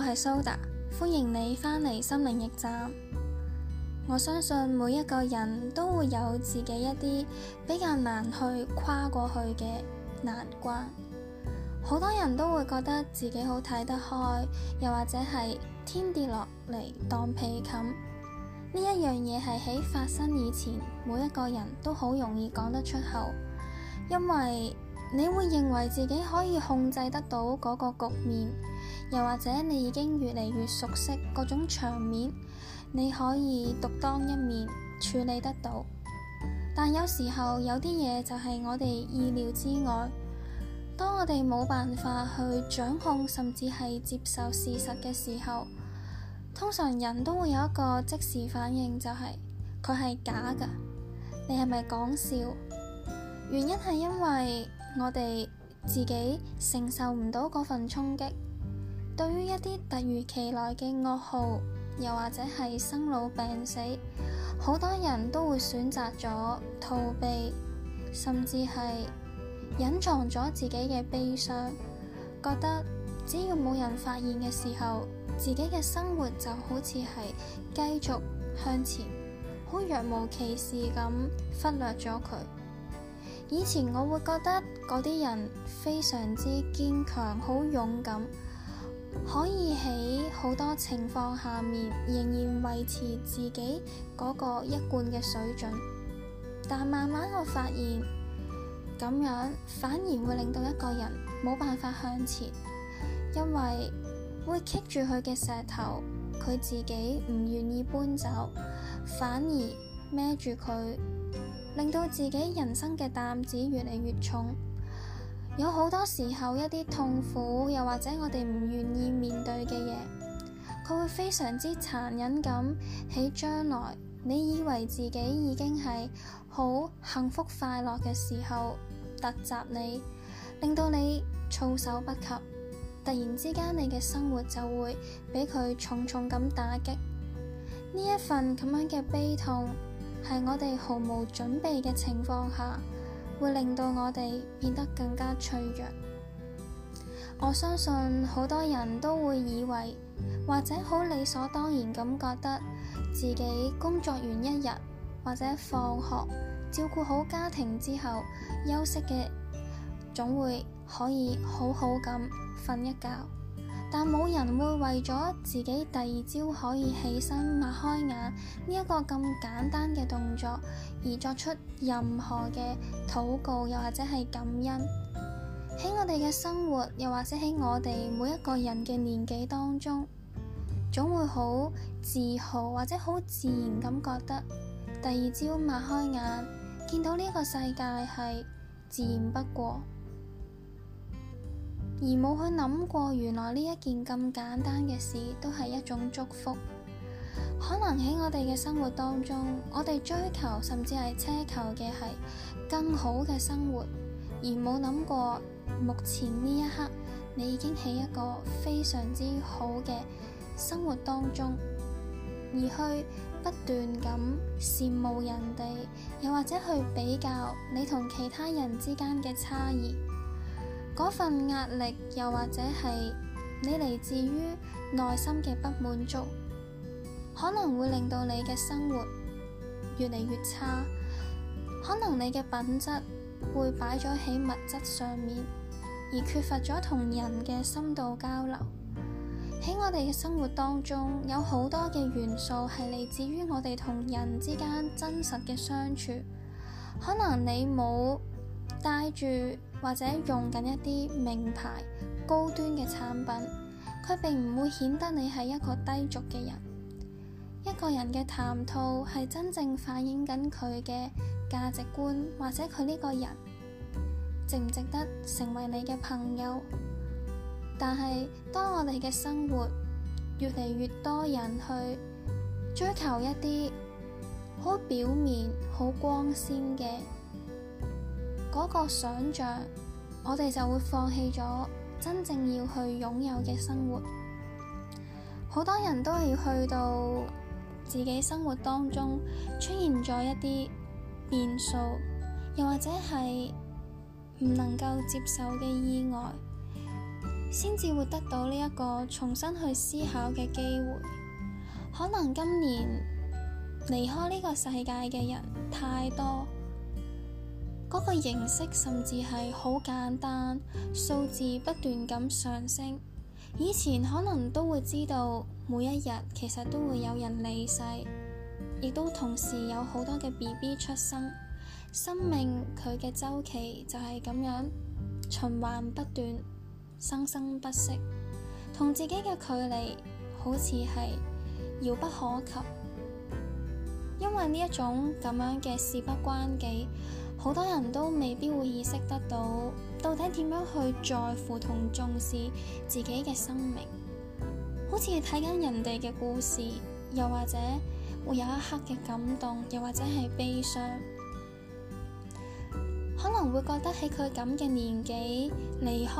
我係蘇達，歡迎你返嚟心靈驛站。我相信每一個人都會有自己一啲比較難去跨過去嘅難關。好多人都會覺得自己好睇得開，又或者係天跌落嚟當被冚呢一樣嘢，係喺發生以前，每一個人都好容易講得出口，因為你會認為自己可以控制得到嗰個局面。又或者你已經越嚟越熟悉各種場面，你可以獨當一面處理得到。但有時候有啲嘢就係我哋意料之外，當我哋冇辦法去掌控，甚至係接受事實嘅時候，通常人都會有一個即時反應，就係，就係佢係假噶，你係咪講笑？原因係因為我哋自己承受唔到嗰份衝擊。對於一啲突如其來嘅噩耗，又或者係生老病死，好多人都會選擇咗逃避，甚至係隱藏咗自己嘅悲傷。覺得只要冇人發現嘅時候，自己嘅生活就好似係繼續向前，好若無其事咁忽略咗佢。以前我會覺得嗰啲人非常之堅強，好勇敢。可以喺好多情況下面仍然維持自己嗰個一貫嘅水準，但慢慢我發現咁樣反而會令到一個人冇辦法向前，因為會棘住佢嘅石頭，佢自己唔願意搬走，反而孭住佢，令到自己人生嘅擔子越嚟越重。有好多時候，一啲痛苦，又或者我哋唔願意面對嘅嘢，佢會非常之殘忍咁喺將來，你以為自己已經係好幸福快樂嘅時候，突襲你，令到你措手不及。突然之間，你嘅生活就會俾佢重重咁打擊。呢一份咁樣嘅悲痛，係我哋毫無準備嘅情況下。會令到我哋變得更加脆弱。我相信好多人都會以為，或者好理所當然咁覺得自己工作完一日，或者放學照顧好家庭之後，休息嘅總會可以好好咁瞓一覺。但冇人會為咗自己第二朝可以起身擘開眼呢一個咁簡單嘅動作而作出任何嘅禱告，又或者係感恩。喺我哋嘅生活，又或者喺我哋每一個人嘅年紀當中，總會好自豪或者好自然咁覺得，第二朝擘開眼見到呢個世界係自然不過。而冇去諗過，原來呢一件咁簡單嘅事都係一種祝福。可能喺我哋嘅生活當中，我哋追求甚至係奢求嘅係更好嘅生活，而冇諗過目前呢一刻，你已經喺一個非常之好嘅生活當中，而去不斷咁羨慕人哋，又或者去比較你同其他人之間嘅差異。嗰份壓力，又或者係你嚟自於內心嘅不滿足，可能會令到你嘅生活越嚟越差。可能你嘅品質會擺咗喺物質上面，而缺乏咗同人嘅深度交流。喺我哋嘅生活當中，有好多嘅元素係嚟自於我哋同人之間真實嘅相處。可能你冇帶住。或者用緊一啲名牌高端嘅產品，佢並唔會顯得你係一個低俗嘅人。一個人嘅談吐係真正反映緊佢嘅價值觀，或者佢呢個人值唔值得成為你嘅朋友。但係當我哋嘅生活越嚟越多人去追求一啲好表面、好光鮮嘅。嗰個想像，我哋就會放棄咗真正要去擁有嘅生活。好多人都係去到自己生活當中出現咗一啲變數，又或者係唔能夠接受嘅意外，先至會得到呢一個重新去思考嘅機會。可能今年離開呢個世界嘅人太多。嗰個形式甚至係好簡單，數字不斷咁上升。以前可能都會知道每一日其實都會有人離世，亦都同時有好多嘅 BB 出生。生命佢嘅周期就係咁樣循環不斷，生生不息。同自己嘅距離好似係遙不可及，因為呢一種咁樣嘅事不關己。好多人都未必會意識得到，到底點樣去在乎同重視自己嘅生命。好似睇緊人哋嘅故事，又或者會有一刻嘅感動，又或者係悲傷，可能會覺得喺佢咁嘅年紀離開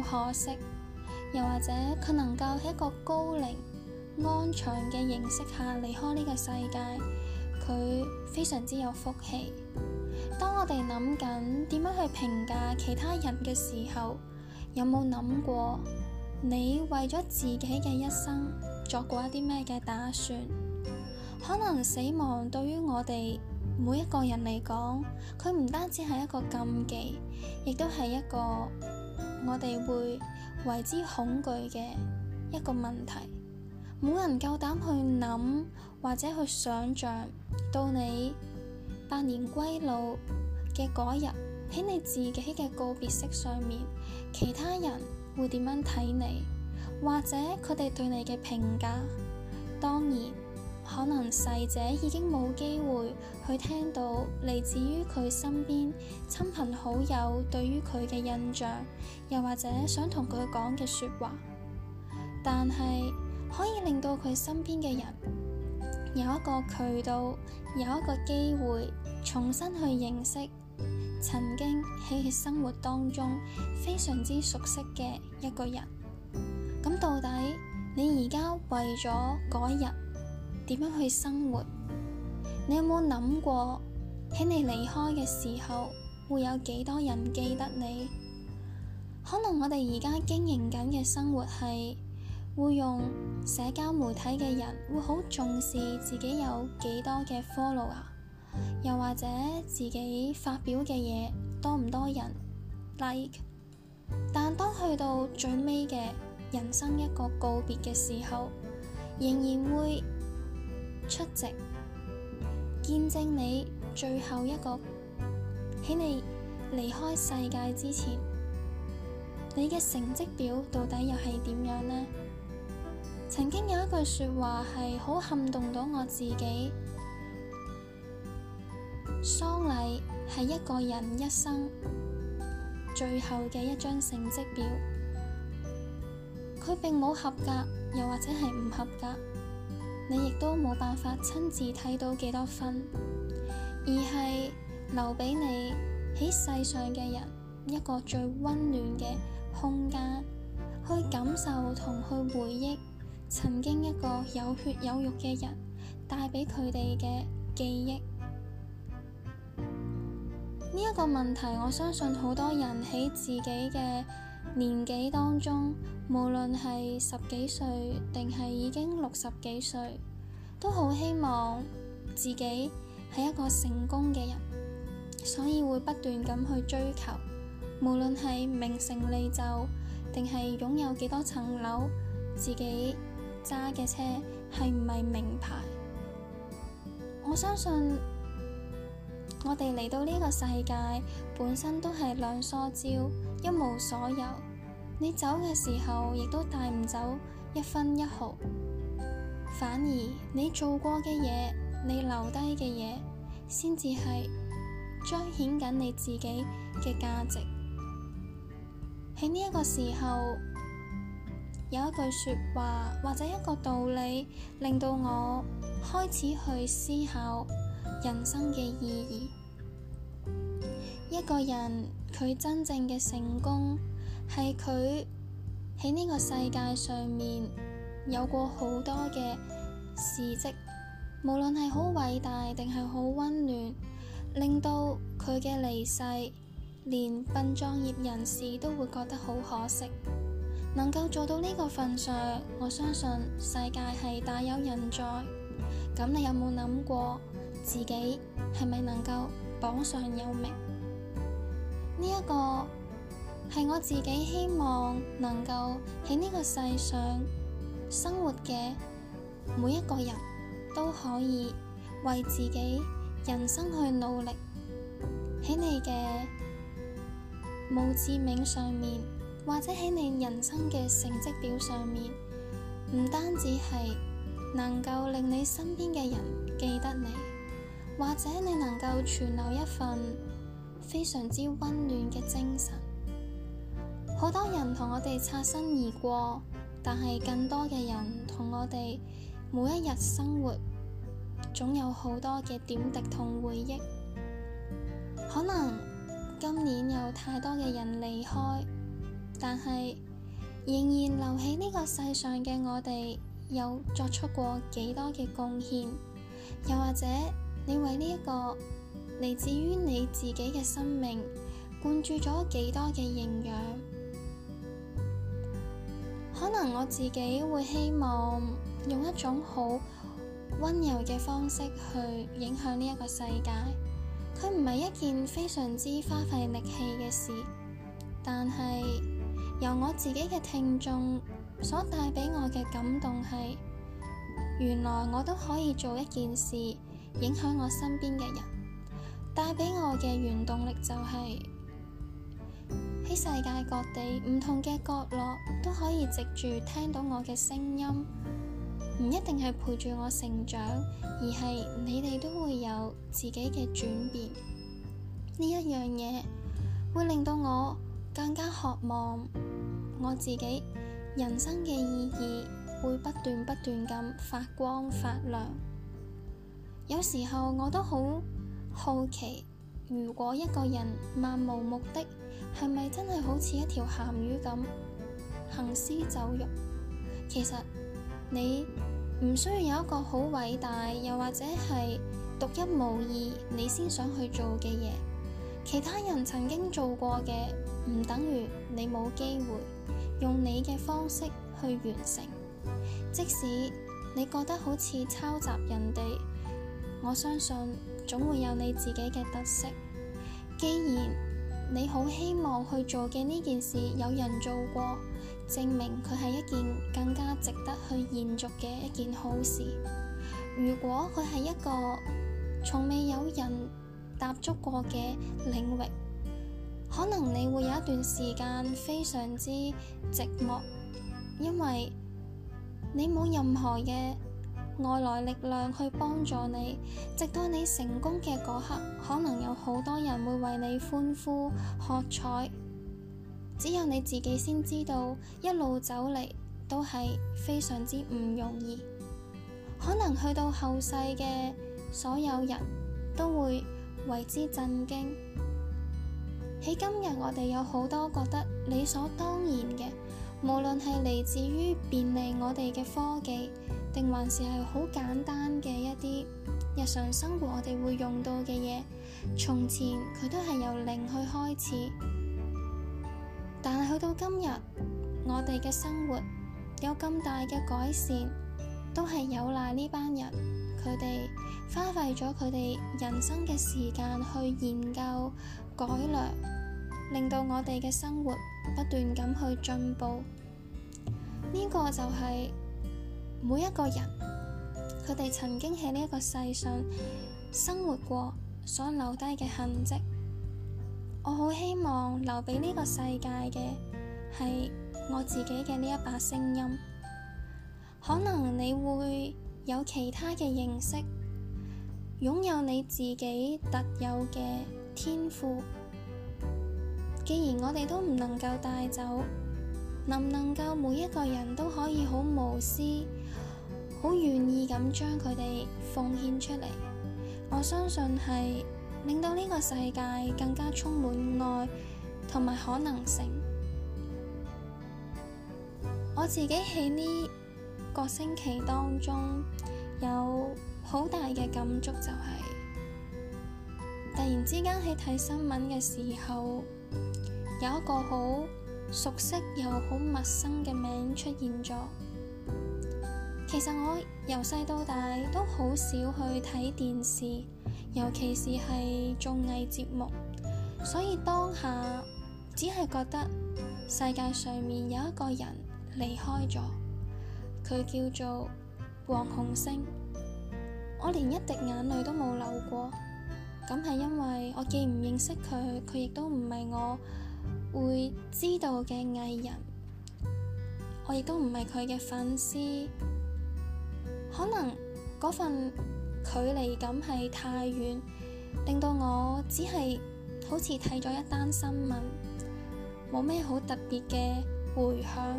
好可惜，又或者佢能夠喺一個高齡安詳嘅形式下離開呢個世界，佢非常之有福氣。當我哋諗緊點樣去評價其他人嘅時候，有冇諗過你為咗自己嘅一生作過一啲咩嘅打算？可能死亡對於我哋每一個人嚟講，佢唔單止係一個禁忌，亦都係一個我哋會為之恐懼嘅一個問題。冇人夠膽去諗或者去想象到你。百年歸老嘅嗰日，喺你自己嘅告別式上面，其他人會點樣睇你，或者佢哋對你嘅評價？當然，可能逝者已經冇機會去聽到嚟自於佢身邊親朋好友對於佢嘅印象，又或者想同佢講嘅說話，但係可以令到佢身邊嘅人。有一個渠道，有一個機會，重新去認識曾經喺佢生活當中非常之熟悉嘅一個人。咁到底你而家為咗嗰日點樣去生活？你有冇諗過喺你離開嘅時候會有幾多人記得你？可能我哋而家經營緊嘅生活係。會用社交媒體嘅人，會好重視自己有幾多嘅 follow 啊，又或者自己發表嘅嘢多唔多人 like。但當去到最尾嘅人生一個告別嘅時候，仍然會出席見證你最後一個，喺你離開世界之前，你嘅成績表到底又係點樣呢？曾經有一句說話係好撼動到我自己。喪禮係一個人一生最後嘅一張成績表，佢並冇合格，又或者係唔合格，你亦都冇辦法親自睇到幾多分，而係留畀你喺世上嘅人一個最溫暖嘅空間，去感受同去回憶。曾經一個有血有肉嘅人，帶畀佢哋嘅記憶。呢、這、一個問題，我相信好多人喺自己嘅年紀當中，無論係十幾歲定係已經六十幾歲，都好希望自己係一個成功嘅人，所以會不斷咁去追求，無論係名成利就定係擁有幾多層樓，自己。揸嘅車係唔係名牌？我相信我哋嚟到呢個世界本身都係兩梳蕉，一無所有。你走嘅時候亦都帶唔走一分一毫，反而你做過嘅嘢，你留低嘅嘢，先至係彰顯緊你自己嘅價值。喺呢一個時候。有一句說話或者一個道理，令到我開始去思考人生嘅意義。一個人佢真正嘅成功係佢喺呢個世界上面有過好多嘅事跡，無論係好偉大定係好溫暖，令到佢嘅離世連殯葬業人士都會覺得好可惜。能夠做到呢個份上，我相信世界係大有人在。咁你有冇諗過自己係咪能夠榜上有名？呢、這、一個係我自己希望能夠喺呢個世上生活嘅每一個人都可以為自己人生去努力，喺你嘅墓誌銘上面。或者喺你人生嘅成績表上面，唔單止係能夠令你身邊嘅人記得你，或者你能夠存留一份非常之温暖嘅精神。好多人同我哋擦身而過，但係更多嘅人同我哋每一日生活，總有好多嘅點滴同回憶。可能今年有太多嘅人離開。但係仍然留喺呢個世上嘅我哋，有作出過幾多嘅貢獻？又或者你為呢一個嚟自於你自己嘅生命灌注咗幾多嘅營養？可能我自己會希望用一種好溫柔嘅方式去影響呢一個世界。佢唔係一件非常之花費力氣嘅事，但係。由我自己嘅聽眾所帶俾我嘅感動係，原來我都可以做一件事，影響我身邊嘅人，帶俾我嘅原動力就係、是、喺世界各地唔同嘅角落都可以藉住聽到我嘅聲音，唔一定係陪住我成長，而係你哋都會有自己嘅轉變，呢一樣嘢會令到我。更加渴望我自己人生嘅意義會不斷不斷咁發光發亮。有時候我都好好奇，如果一個人漫無目的，係咪真係好似一條鹹魚咁行屍走肉？其實你唔需要有一個好偉大，又或者係獨一無二，你先想去做嘅嘢，其他人曾經做過嘅。唔等於你冇機會用你嘅方式去完成，即使你覺得好似抄襲人哋，我相信總會有你自己嘅特色。既然你好希望去做嘅呢件事有人做過，證明佢係一件更加值得去延續嘅一件好事。如果佢係一個從未有人踏足過嘅領域。可能你會有一段時間非常之寂寞，因為你冇任何嘅外來力量去幫助你。直到你成功嘅嗰刻，可能有好多人會為你歡呼喝彩。只有你自己先知道，一路走嚟都係非常之唔容易。可能去到後世嘅所有人都會為之震驚。喺今日，我哋有好多覺得理所當然嘅，無論係嚟自於便利我哋嘅科技，定還是係好簡單嘅一啲日常生活我哋會用到嘅嘢。從前佢都係由零去開始，但係去到今日，我哋嘅生活有咁大嘅改善，都係有賴呢班人。佢哋花費咗佢哋人生嘅時間去研究、改良，令到我哋嘅生活不斷咁去進步。呢個就係每一個人，佢哋曾經喺呢一個世上生活過所留低嘅痕跡。我好希望留俾呢個世界嘅係我自己嘅呢一把聲音。可能你會。有其他嘅認識，擁有你自己特有嘅天賦。既然我哋都唔能夠帶走，能唔能夠每一個人都可以好無私、好願意咁將佢哋奉獻出嚟？我相信係令到呢個世界更加充滿愛同埋可能性。我自己喺呢，個星期當中有好大嘅感觸、就是，就係突然之間喺睇新聞嘅時候，有一個好熟悉又好陌生嘅名出現咗。其實我由細到大都好少去睇電視，尤其是係綜藝節目，所以當下只係覺得世界上面有一個人離開咗。佢叫做黃鴻升，我連一滴眼淚都冇流過，咁係因為我既唔認識佢，佢亦都唔係我會知道嘅藝人，我亦都唔係佢嘅粉絲，可能嗰份距離感係太遠，令到我只係好似睇咗一單新聞，冇咩好特別嘅回響。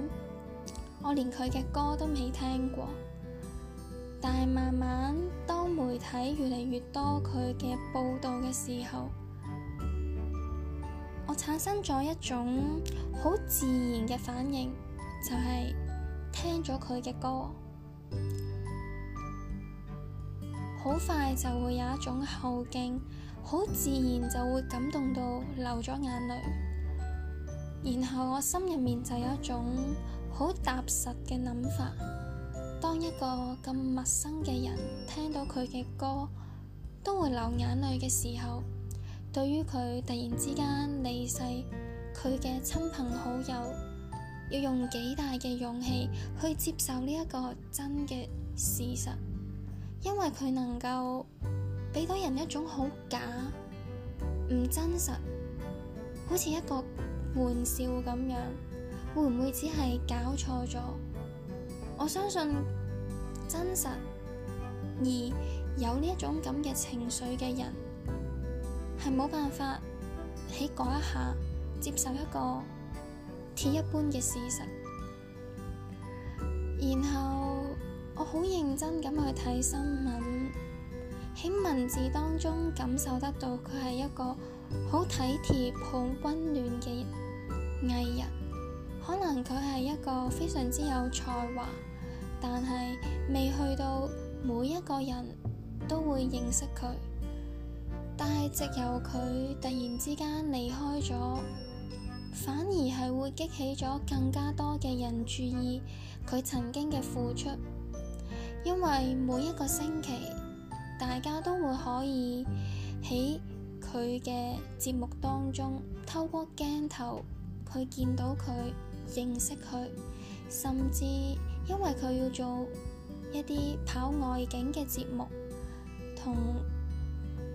我連佢嘅歌都未聽過，但係慢慢當媒體越嚟越多佢嘅報道嘅時候，我產生咗一種好自然嘅反應，就係、是、聽咗佢嘅歌，好快就會有一種後勁，好自然就會感動到流咗眼淚，然後我心入面就有一種。好踏實嘅諗法。當一個咁陌生嘅人聽到佢嘅歌，都會流眼淚嘅時候，對於佢突然之間離世，佢嘅親朋好友要用幾大嘅勇氣去接受呢一個真嘅事實，因為佢能夠俾到人一種好假、唔真實，好似一個玩笑咁樣。會唔會只係搞錯咗？我相信真實而有呢一種咁嘅情緒嘅人係冇辦法喺嗰一下接受一個鐵一般嘅事實。然後我好認真咁去睇新聞，喺文字當中感受得到佢係一個好體貼、好溫暖嘅藝人。藝人。可能佢係一個非常之有才華，但係未去到每一個人都會認識佢。但係藉由佢突然之間離開咗，反而係會激起咗更加多嘅人注意佢曾經嘅付出，因為每一個星期大家都會可以喺佢嘅節目當中透過鏡頭去見到佢。認識佢，甚至因為佢要做一啲跑外景嘅節目，同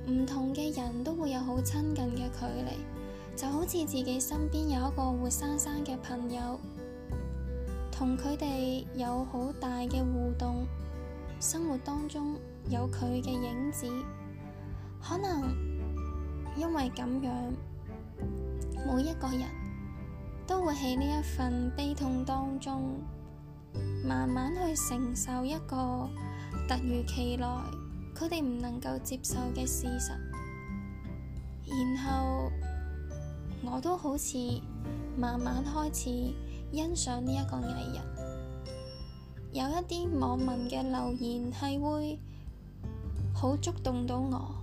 唔同嘅人都會有好親近嘅距離，就好似自己身邊有一個活生生嘅朋友，同佢哋有好大嘅互動，生活當中有佢嘅影子，可能因為咁樣，每一個人。都會喺呢一份悲痛當中，慢慢去承受一個突如其來，佢哋唔能夠接受嘅事實。然後我都好似慢慢開始欣賞呢一個藝人。有一啲網民嘅留言係會好觸動到我。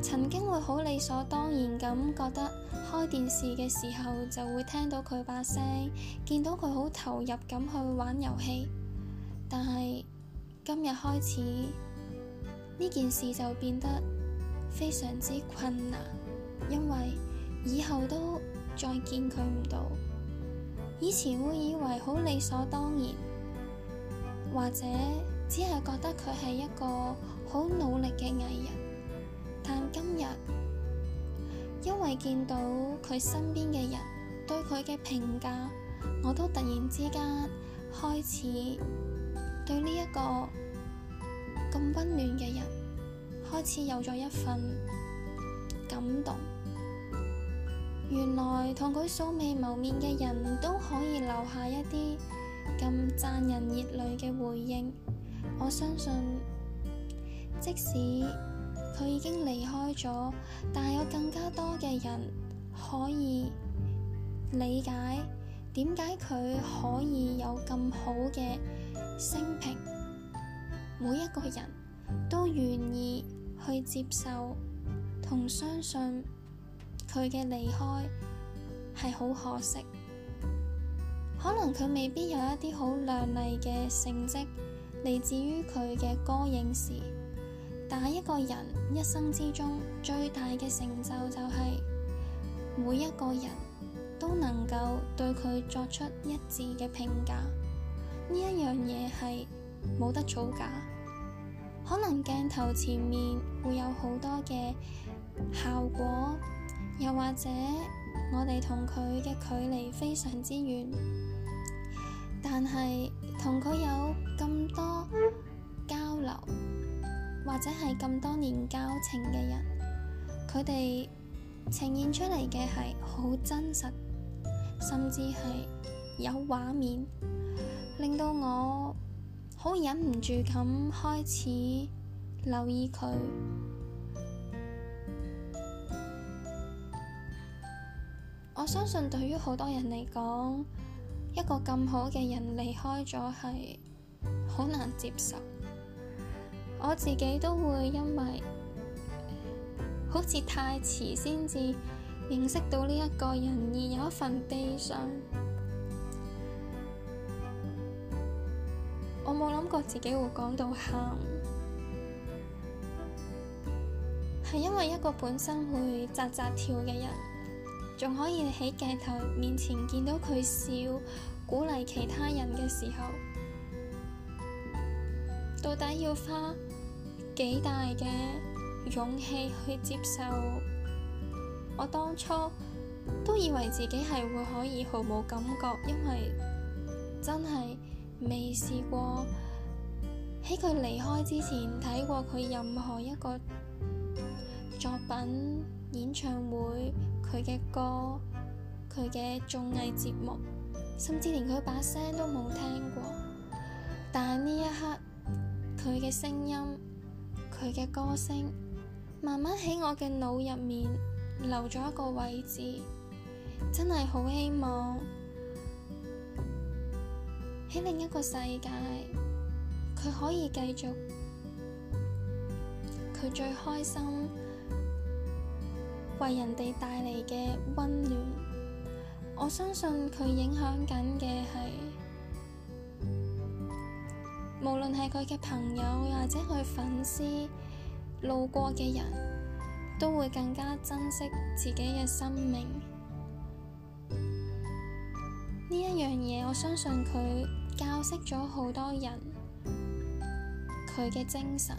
曾經會好理所當然咁覺得開電視嘅時候就會聽到佢把聲，見到佢好投入咁去玩遊戲，但係今日開始呢件事就變得非常之困難，因為以後都再見佢唔到。以前會以為好理所當然，或者只係覺得佢係一個好努力嘅藝人。但今日，因為見到佢身邊嘅人對佢嘅評價，我都突然之間開始對呢、呢、一個咁溫暖嘅人開始有咗一份感動。原來同佢素未謀面嘅人都可以留下一啲咁讚人熱淚嘅回應。我相信，即使佢已經離開咗，但係有更加多嘅人可以理解點解佢可以有咁好嘅聲評。每一個人都願意去接受同相信佢嘅離開係好可惜。可能佢未必有一啲好亮麗嘅成績，嚟自於佢嘅歌影視。但一個人一生之中最大嘅成就，就係每一個人都能夠對佢作出一致嘅評價。呢一樣嘢係冇得造假，可能鏡頭前面會有好多嘅效果，又或者我哋同佢嘅距離非常之遠，但係同佢有咁多交流。或者係咁多年交情嘅人，佢哋呈現出嚟嘅係好真實，甚至係有畫面，令到我好忍唔住咁開始留意佢。我相信對於好多人嚟講，一個咁好嘅人離開咗係好難接受。我自己都會因為好似太遲先至認識到呢一個人而有一份悲傷。我冇諗過自己會講到喊，係因為一個本身會扎扎跳嘅人，仲可以喺鏡頭面前見到佢笑，鼓勵其他人嘅時候，到底要花幾大嘅勇氣去接受？我當初都以為自己係會可以毫無感覺，因為真係未試過。喺佢離開之前睇過佢任何一個作品、演唱會，佢嘅歌、佢嘅綜藝節目，甚至連佢把聲都冇聽過。但係呢一刻，佢嘅聲音。佢嘅歌聲慢慢喺我嘅腦入面留咗一個位置，真係好希望喺另一個世界，佢可以繼續佢最開心為人哋帶嚟嘅溫暖。我相信佢影響緊嘅係。無論係佢嘅朋友，或者佢粉絲路過嘅人，都會更加珍惜自己嘅生命。呢一樣嘢，我相信佢教識咗好多人。佢嘅精神，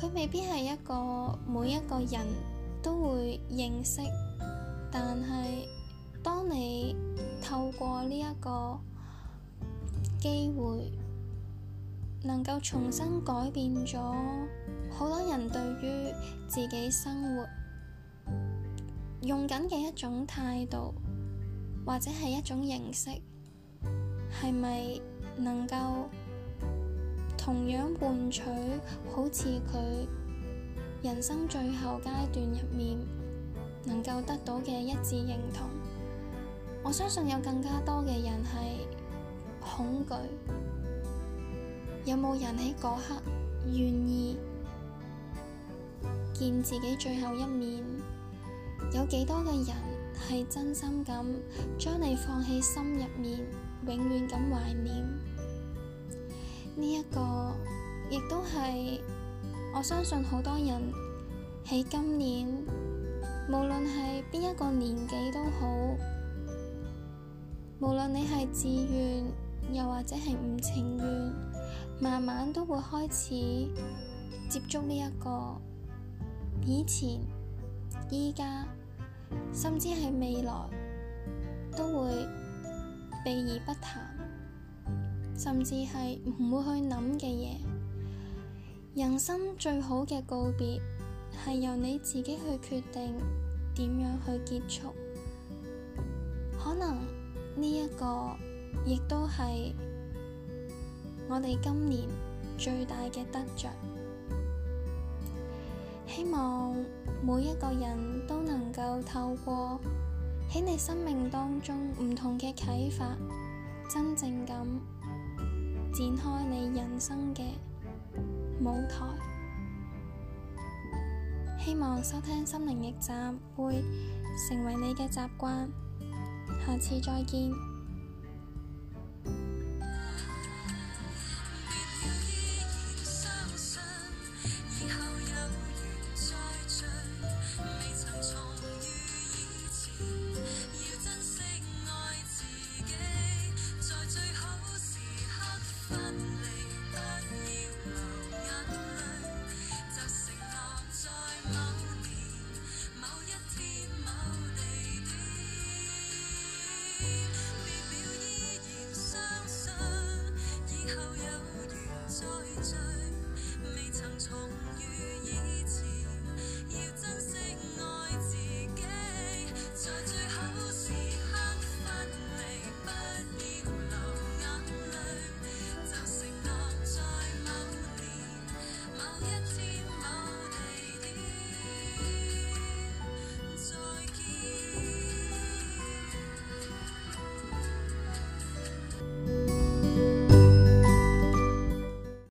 佢未必係一個每一個人都會認識，但係當你透過呢一個。機會能夠重新改變咗好多人對於自己生活用緊嘅一種態度，或者係一種形式，係咪能夠同樣換取好似佢人生最後階段入面能夠得到嘅一致認同？我相信有更加多嘅人係。恐懼，有冇人喺嗰刻願意見自己最後一面？有幾多嘅人係真心咁將你放喺心入面，永遠咁懷念呢？呢一個亦都係我相信好多人喺今年，無論係邊一個年紀都好，無論你係自願。又或者係唔情願，慢慢都會開始接觸呢一個以前、依家，甚至係未來都會避而不談，甚至係唔會去諗嘅嘢。人生最好嘅告別係由你自己去決定點樣去結束，可能呢一個。亦都係我哋今年最大嘅得着。希望每一個人都能夠透過喺你生命當中唔同嘅啟發，真正咁展開你人生嘅舞台。希望收聽《心靈驛站》會成為你嘅習慣。下次再見。